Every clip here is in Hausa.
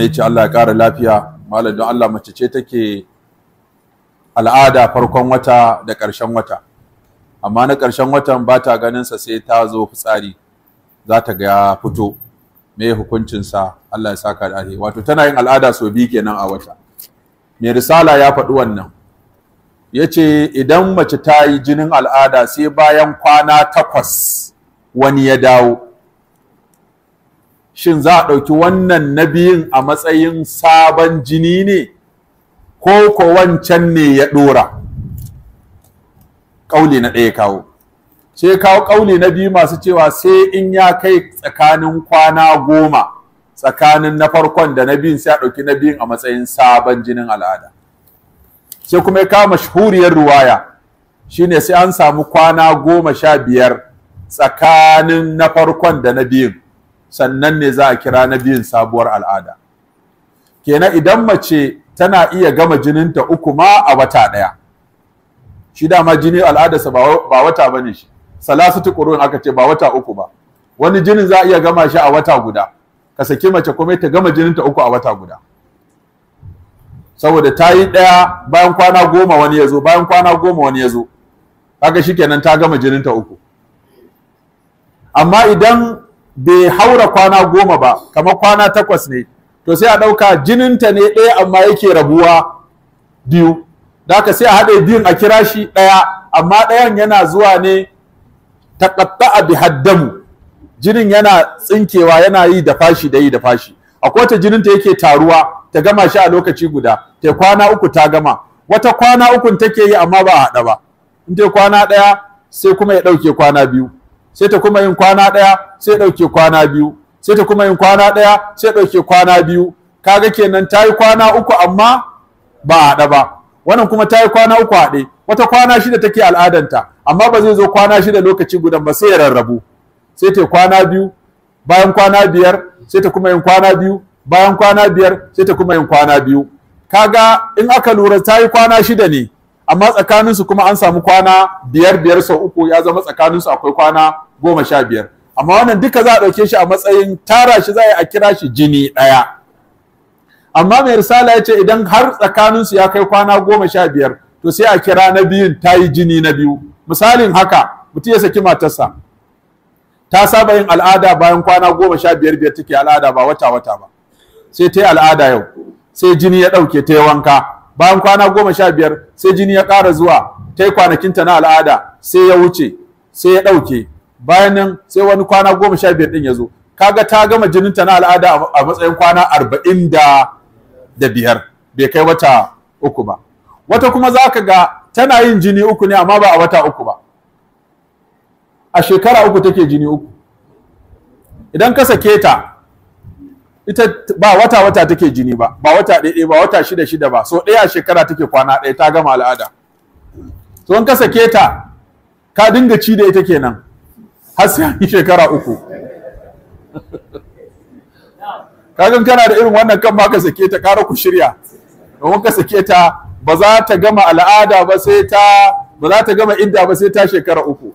ne ce Allah ya ƙara lafiya malam don Allah mace ce take al'ada farkon wata da ƙarshen wata amma na ƙarshen watan ba ta ganinsa sai ta zo fitsari za ta ga fito me hukuncinsa Allah ya saka da alheri wato tana yin al'ada sau biyu kenan a wata Me risala ya faɗi wannan ya ce idan mace ta yi jinin al'ada sai bayan kwana takwas wani ya dawo shin za a ɗauki wannan na biyun a matsayin sabon jini ne ko ko wancan ne ya ɗora ƙauli na ɗaya kawo sai kawo ƙauli na biyu masu cewa sai in ya kai tsakanin kwana goma tsakanin na farkon da na biyun sai a ɗauki na biyun a matsayin sabon jinin al'ada sai kuma ya kama shahuriyar ruwaya shine sai an samu kwana goma sha biyar tsakanin na farkon da na biyun sannan ne za a kira na biyun sabuwar al'ada kenan idan mace tana iya gama jininta uku ma a wata ɗaya shi dama jini al'adarsa ba wata ba ne shi salasatu qurun aka ce ba wata uku ba wani jinin za a iya gama shi a wata guda ka saki mace kuma ta gama jininta uku a wata guda saboda ta yi ɗaya bayan kwana goma wani ya zo bayan kwana goma wani ya zo haka shi kenan ta gama jininta uku amma idan bai haura kwana goma ba kamar kwana takwas ne to sai a ɗauka jininta ne ɗaya amma yake rabuwa biyu da haka sai a haɗe biyun a kira shi ɗaya amma ɗayan yana zuwa ne a bi haddamu jinin yana tsinkewa yana yi da fashi da yi da fashi A akwai wata jininta yake taruwa ta gama shi a lokaci guda ta kwana uku ta gama wata kwana ukun take yi amma ba a haɗa ba in ta kwana ɗaya sai kuma ya ɗauke kwana biyu sai ta kuma yin kwana ɗaya sai ɗauke kwana biyu sai ta kuma yin kwana ɗaya sai ɗauke kwana biyu kaga kenan ta yi kwana uku amma ba a haɗa ba wannan kuma ta yi kwana uku haɗe wata kwana shida take al'adanta amma ba zai zo kwana shida lokaci gudan ba sai ya rarrabu sai ta kwana biyu bayan kwana biyar sai ta kuma yin kwana biyu bayan kwana biyar sai ta kuma yin kwana biyu kaga in aka lura ta yi kwana shida ne amma tsakaninsu kuma an samu kwana biyar biyar sau uku ya zama tsakaninsu akwai kwana goma sha biyar amma wannan duka za a ɗauke shi a matsayin tara shi za a yi kira shi jini ɗaya amma mai risala ya ce idan har tsakaninsu ya kai kwana goma sha biyar to sai a kira na biyun ta yi jini na biyu misalin haka mutum ya saki matarsa ta saba yin al'ada bayan kwana goma sha biyar biyar take al'ada ba wata wata ba sai ta yi al'ada yau sai jini ya ɗauke ta yi wanka bayan kwana goma sha biyar sai jini ya ƙara zuwa ta yi kwanakinta na al'ada sai ya wuce sai ya ɗauke bayan nan sai wani kwana goma sha biyar ɗin ya zo kaga ta gama jininta na al'ada a matsayin kwana arba'in da da biyar bai kai wata uku ba wata kuma za ka ga tana yin jini uku ne amma ba a wata uku ba a shekara uku take jini uku idan ka sake ta ita ba wata wata take jini ba ba wata ɗaya ba wata shida shida ba so ɗaya shekara take kwana ɗaya ta gama al'ada to in ka sake ta ka dinga ci da ita kenan har sai yi shekara uku kagan kana da irin wannan kan ma ka sake ta ƙara ku shirya domin ka sake ta ba za ta gama al'ada ba sai ta ba za ta gama inda ba sai ta shekara uku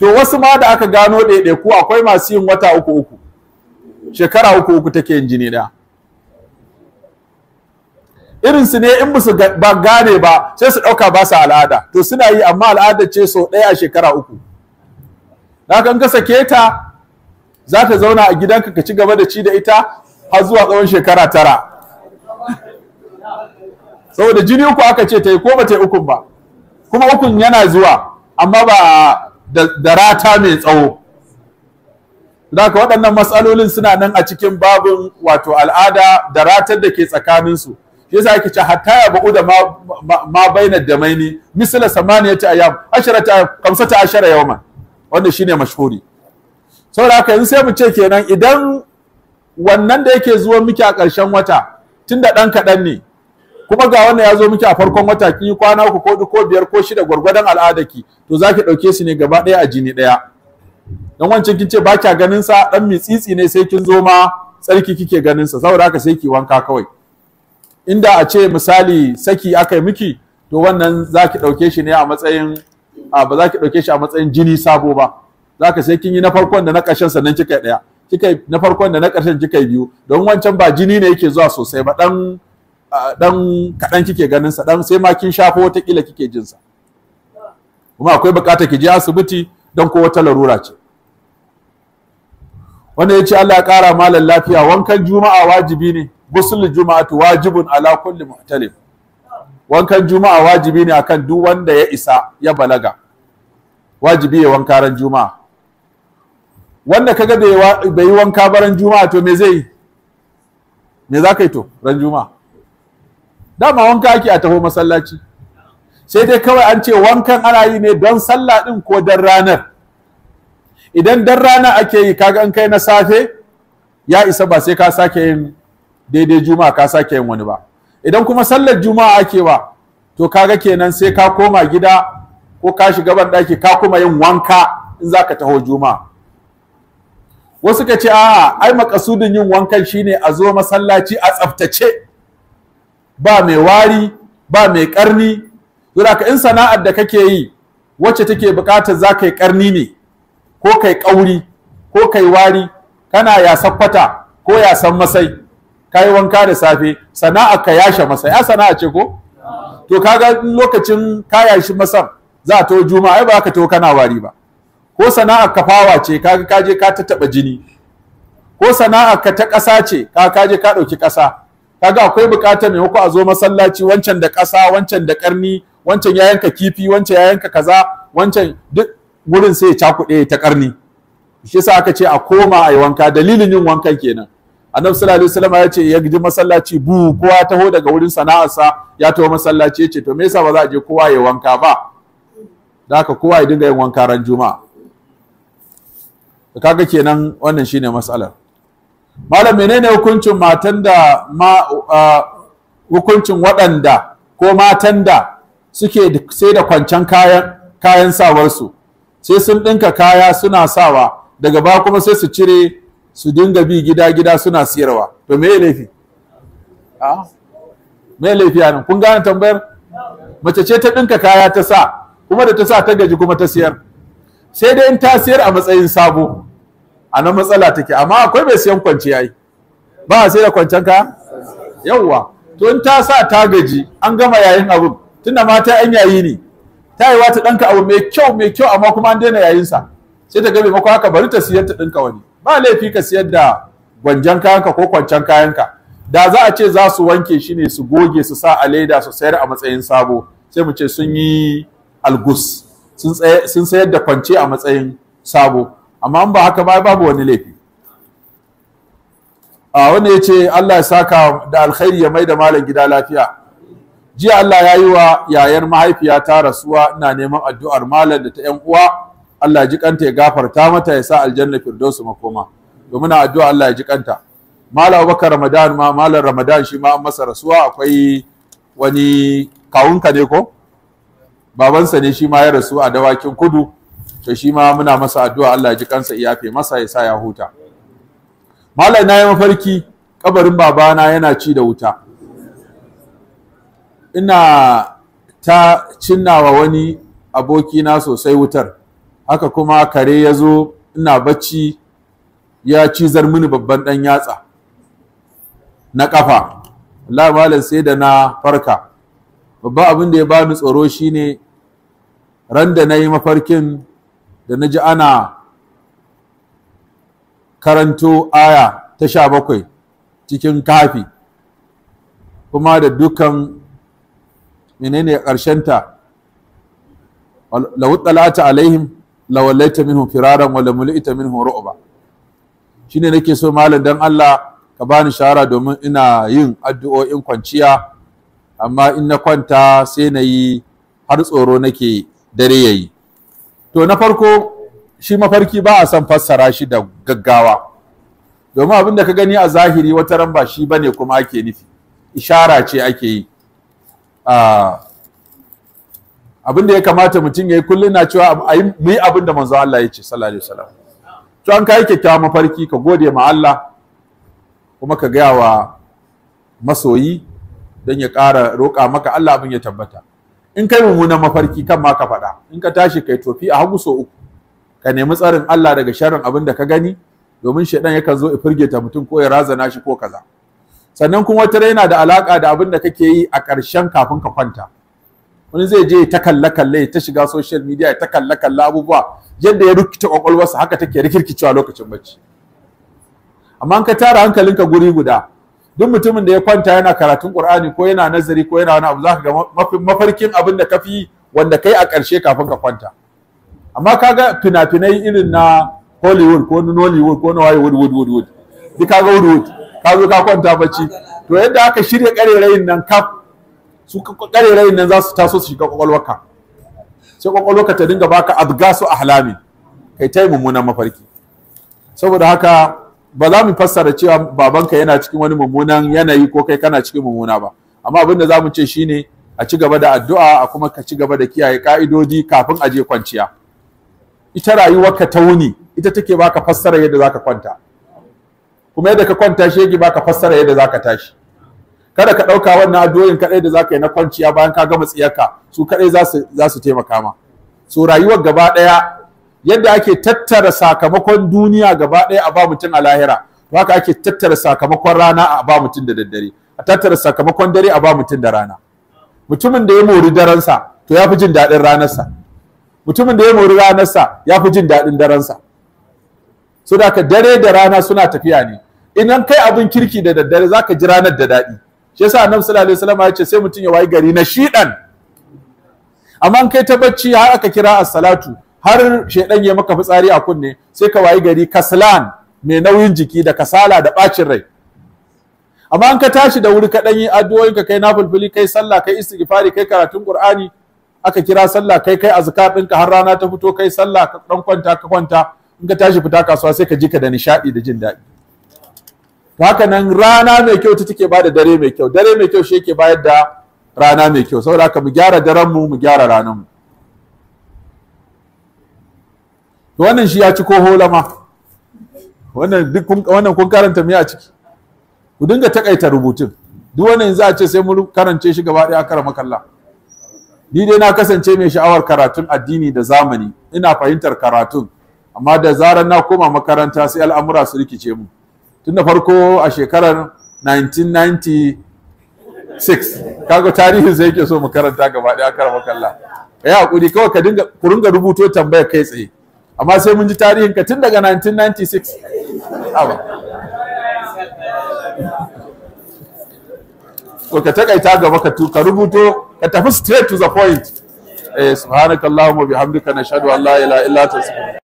to wasu ma da aka gano ɗaiɗaiku akwai masu yin wata uku uku shekara uku uku take yin jini irin irinsu ne in basu ba gane ba sai su ɗauka ba su al'ada to suna yi amma al'ada ce sau ɗaya a shekara uku kan ka sake ta za ta zauna a gidanka ka ci gaba da ci da ita har zuwa tsawon shekara tara saboda jini uku aka ce ta yi ko ba ta yi ukun ba kuma ukun yana zuwa amma ba da rata mai tsawo zaka waɗannan matsalolin suna nan a cikin babin wato al'ada da ratar da ke tsakaninsu. Shi yasa ake ce hatta ya ba'u da ma bainar da maini misala samaniya ta ayyam ashara ta kamsa ta ashara yawman wanda shine mashhuri. Saboda haka yanzu sai mu ce kenan idan wannan da yake zuwa miki a ƙarshen wata tunda ɗan kaɗan ne kuma ga wanda ya zo miki a farkon wata kin yi kwana uku ko biyar ko shida gwargwadon al'adarki to zaki ɗauke su ne gaba ɗaya a jini ɗaya. dan wancan kin ce ba kya ganin sa dan mitsitsi ne sai kin zo ma tsarki kike ganin sa saboda haka sai ki wanka kawai inda a ce misali saki aka miki to wannan za ki ɗauke shi ne a matsayin ba za ki ɗauke shi a matsayin jini sabo ba za ka sai kin yi na farkon da na ƙarshen sannan kika yi ɗaya kika na farkon da na ƙarshen kika yi biyu don wancan ba jini ne yake zuwa sosai ba ɗan dan kaɗan kike ganin sa ɗan sai ma kin shafa wata kila kike jin sa kuma akwai buƙatar ki je asibiti don ko wata larura ce wanda ya ce Allah ya ƙara malam lafiya wankan juma'a wajibi ne gusul juma'atu wajibun ala kulli mu'talim wankan juma'a wajibi ne akan duk wanda ya isa ya balaga wajibi ya wanka ran juma'a wanda kaga bai yi wanka baran juma'a to me zai me za kai yi to ran juma'a dama wanka ake a taho masallaci sai dai kawai an ce wankan ana yi ne don sallah din ko don ranar idan dan rana ake yi kaga in kai na safe ya isa ba sai ka sake yin daidai juma'a ka sake yin wani ba idan kuma sallar juma'a ake ba to kaga kenan sai ka koma gida ko ka shiga ban daki ka kuma yin wanka in zaka taho juma'a wasu ka ce a'a ai makasudin yin wankan shine a zo masallaci a tsaftace ba mai wari ba mai karni saboda in sana'ar da kake yi wacce take bukatar za ka yi karni ne ko kai ƙauri ko kai wari kana yasan kwata ko yasan masai ka yi wanka da safe sana'a ka yashe masai ya sana'a ce ko to kaga lokacin ka yashi masan za a to juma'a ba ka to kana wari ba ko sana'a ka fawa ce kaga ka je ka tattaba jini ko sana'a ka ta ƙasa ce ka ka je ka ɗauki ƙasa kaga akwai buƙatar maimako a zo masallaci wancan da ƙasa wancan da ƙarni wancan ya yanka kifi wancan ya yanka kaza wancan duk wurin sai ya cakuɗe ta karni shi yasa aka ce a koma a yi wanka dalilin yin wankan kenan annabi sallallahu alaihi wasallam ya ce ya gidi masallaci bu kowa ya taho daga wurin sana'arsa ya taho masallaci ya ce to me yasa ba za a je kowa ya wanka ba da haka kowa ya dinga yin wanka ran juma'a kaga kenan wannan shine matsalar malam menene hukuncin matan da ma hukuncin waɗanda ko matan da suke sai da kwancen kayan kayan sawarsu sai sun ɗinka kaya suna sawa daga ba kuma sai su cire su dinga bi gida gida suna siyarwa to me laifi ah, me laifi nan kun gane tambayar mace ce ta ɗinka kaya ta sa kuma da ta sa ta gaji kuma ta siyar sai dai in ta siyar a matsayin sabo a nan matsala take amma akwai mai siyan kwanci yayi ba a sai da kwancen ka? yawwa to in ta sa ta gaji an gama yayin abun tunda mata an yayi ne ta yi wata ɗanka abu mai kyau mai kyau amma kuma an daina sa sai ta ga maka haka bari ta siyar ta ɗinka wani ba laifi ka siyar da gwanjan kayanka ko kwancan kayanka da za a ce za su wanke shi ne su goge su sa a leda su sayar a matsayin sabo sai mu ce sun yi algus sun sayar da kwance a matsayin sabo amma ba haka ba babu wani laifi a wanda ya ce Allah ya saka da alkhairi ya mai da malam gida lafiya jiya Allah ya yi wa yayar mahaifiya ta rasuwa ina neman addu'ar malam da ta yan uwa Allah ji kanta ya gafarta mata ya sa aljanna firdausu makoma domin addu'a Allah ya ji kanta malam Abubakar Ramadan ma malam Ramadan shi ma an masa rasuwa akwai wani kawunka ne ko babansa ne shi ma ya rasu a dawakin kudu to shi ma muna masa addu'a Allah ji kansa iyafe masa ya sa ya huta malam na yi mafarki kabarin babana yana ci da wuta ina ta cinnawa wani abokina sosai wutar haka kuma kare ya zo ina bacci ya cizar mini babban ɗan yatsa na ƙafa Allah malam sai da na farka babban abin da ya bani tsoro shine ran da na yi mafarkin da na ji ana karanto aya ta sha bakwai cikin kafi kuma da dukan menene ƙarshen ta law talata alaihim lawallaita minhum firaran wa lamulita minhum ru'ba shine nake so malam dan Allah ka bani shara domin ina yin addu'o'in kwanciya amma in na kwanta sai na yi har tsoro nake dare yayi to na farko shi mafarki ba a son fassara shi da gaggawa domin abin da ka gani a zahiri wata ran ba shi bane kuma ake nufi ishara ce ake yi Ah, abin da ya kamata mutum ya yi kullum na cewa mu yi abin da manzo Allah ya ce sallallahu alaihi wasallam to an kai kyakkyawan mafarki ka gode ma Allah kuma ka gaya wa masoyi don ya ƙara roƙa maka Allah abin ya tabbata in kai mummunan mafarki kan ma ka faɗa in ka tashi kai tofi a hagu so uku ka nemi tsarin Allah daga sharin abin da ka gani domin shaidan yakan zo ya firgeta mutum ko ya razana shi ko kaza sannan kuma wata yana da alaka da abin da kake yi a ƙarshen kafin ka kwanta wani zai je ta kalle kalle ta shiga social media ta kalle kalle abubuwa yadda ya rikita kwakwalwarsa haka take rikirkicewa lokacin bacci amma ka tara hankalinka guri guda duk mutumin da ya kwanta yana karatun Qur'ani ko yana nazari ko yana wani abu zaka ga mafarkin abin da kafi wanda kai a ƙarshe kafin ka kwanta amma kaga fina-finai irin na Hollywood ko na Nollywood ko na Hollywood Wood Wood Wood duk kaga Wood Wood ka zo ka kwanta bacci to yadda aka shirya karerayin nan kaf su karerayin nan za su taso su shiga kwakwalwarka sai kwakwalwarka ta dinga baka adgasu ahlami kai ta yi mummunan mafarki saboda haka ba za mu fassara cewa babanka yana cikin wani mummunan yanayi ko kai kana cikin mummuna ba amma abin da za mu ce shine a ci gaba da addu'a a kuma ka ci gaba da kiyaye ka'idodi kafin a je kwanciya ita rayuwarka ta wuni ita take baka fassara yadda za ka kwanta kuma yadda ka kwanta shi yake baka fassara yadda zaka tashi kada ka ɗauka wannan addu'o'in kadai da zaka yi na kwanciya bayan ka gama tsiyarka su kaɗai za su taimaka ma so rayuwar gaba daya yadda ake tattara sakamakon duniya gaba daya a ba mutum a lahira haka ake tattara sakamakon rana a ba mutum da daddare a tattara sakamakon dare a ba mutum da rana mutumin da ya mori daransa to ya fi jin daɗin ranarsa mutumin da ya mori ranarsa ya fi jin daɗin daransa so da dare da rana suna tafiya ne idan kai abin kirki da daddare zaka ji ranar da daɗi shi yasa annabi sallallahu alaihi wasallam ya ce sai mutum ya wayi gari na shidan amma kai ta bacci har aka kira as-salatu har shedan ya maka fitsari a kunne sai ka wayi gari kaslan mai nauyin jiki da kasala da bacin rai amma an ka tashi da wuri ka dan yi addu'o'in ka kai nafilfili kai sallah kai istighfari kai karatun qur'ani aka kira sallah kai kai azkar ɗinka har rana ta fito kai sallah ka dan kwanta ka kwanta in ka tashi fita kasuwa sai ka ji ka da nishadi da jin daɗi haka nan rana mai kyau ta take bada dare mai kyau dare mai kyau shi yake bayar da rana mai kyau saboda haka mu gyara daren mu mu gyara ranar mu wannan shi ya ci ko holama wannan duk wannan kun karanta me a ciki ku dinga takaita rubutun duk wannan za a ce sai mu karance shi gaba ɗaya karama kalla ni dai na kasance mai sha'awar karatun addini da zamani ina fahimtar karatun amma da zarar na koma makaranta sai al'amura su rikice mu tun da farko a shekarar 1996 kaga tarihin sai yake so mu karanta gaba daya karama kalla ya hakuri kawai ka dinga ku ringa rubuto tambaya kai tsaye amma sai mun ji tarihin ka tun daga 1996 ko ka takaita gaba ka tuka rubuto ka tafi straight to the point eh subhanakallahumma bihamdika nashhadu an la ilaha illa anta